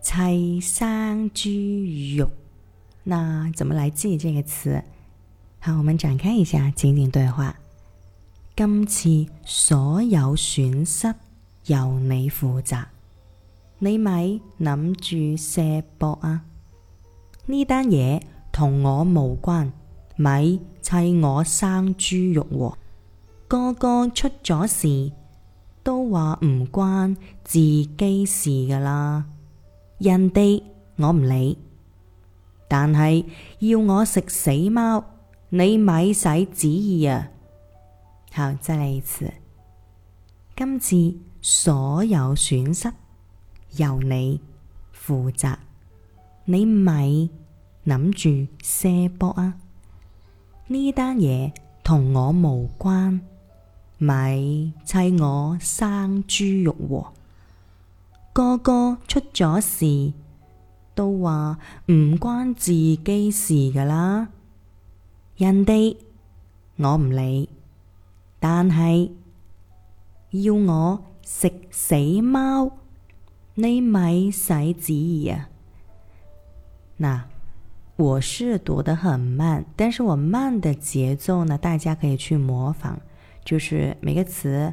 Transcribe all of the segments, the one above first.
砌生豬肉，那怎麼嚟記這個詞？好，我們展開一下情景對話。今次所有損失由你負責，你咪諗住卸膊啊？呢單嘢同我無關，咪砌我生豬肉喔。個個出咗事都話唔關自己事噶啦。人哋我唔理，但係要我食死貓，你咪使旨意啊！好，再來一次。今次所有損失由你負責，你咪諗住卸膊啊！呢單嘢同我無關，咪砌我生豬肉喎、哦！個個出咗事，都話唔關自己事噶啦，人哋我唔理，但係要我食死貓，你咪使旨意呀！嗱，我是讀得很慢，但是我慢的節奏呢？大家可以去模仿，就是每個詞。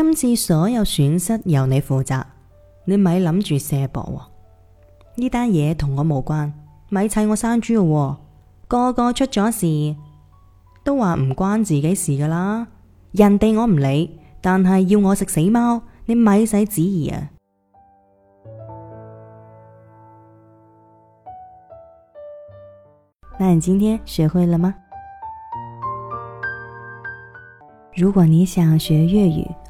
今次所有損失由你負責，你咪諗住卸膊，呢單嘢同我冇關，咪砌我生豬肉喔，個個出咗事都話唔關自己事噶啦，人哋我唔理，但係要我食死貓，你咪使旨意啊！嗱，你今天學會了嗎？如果你想學粵語。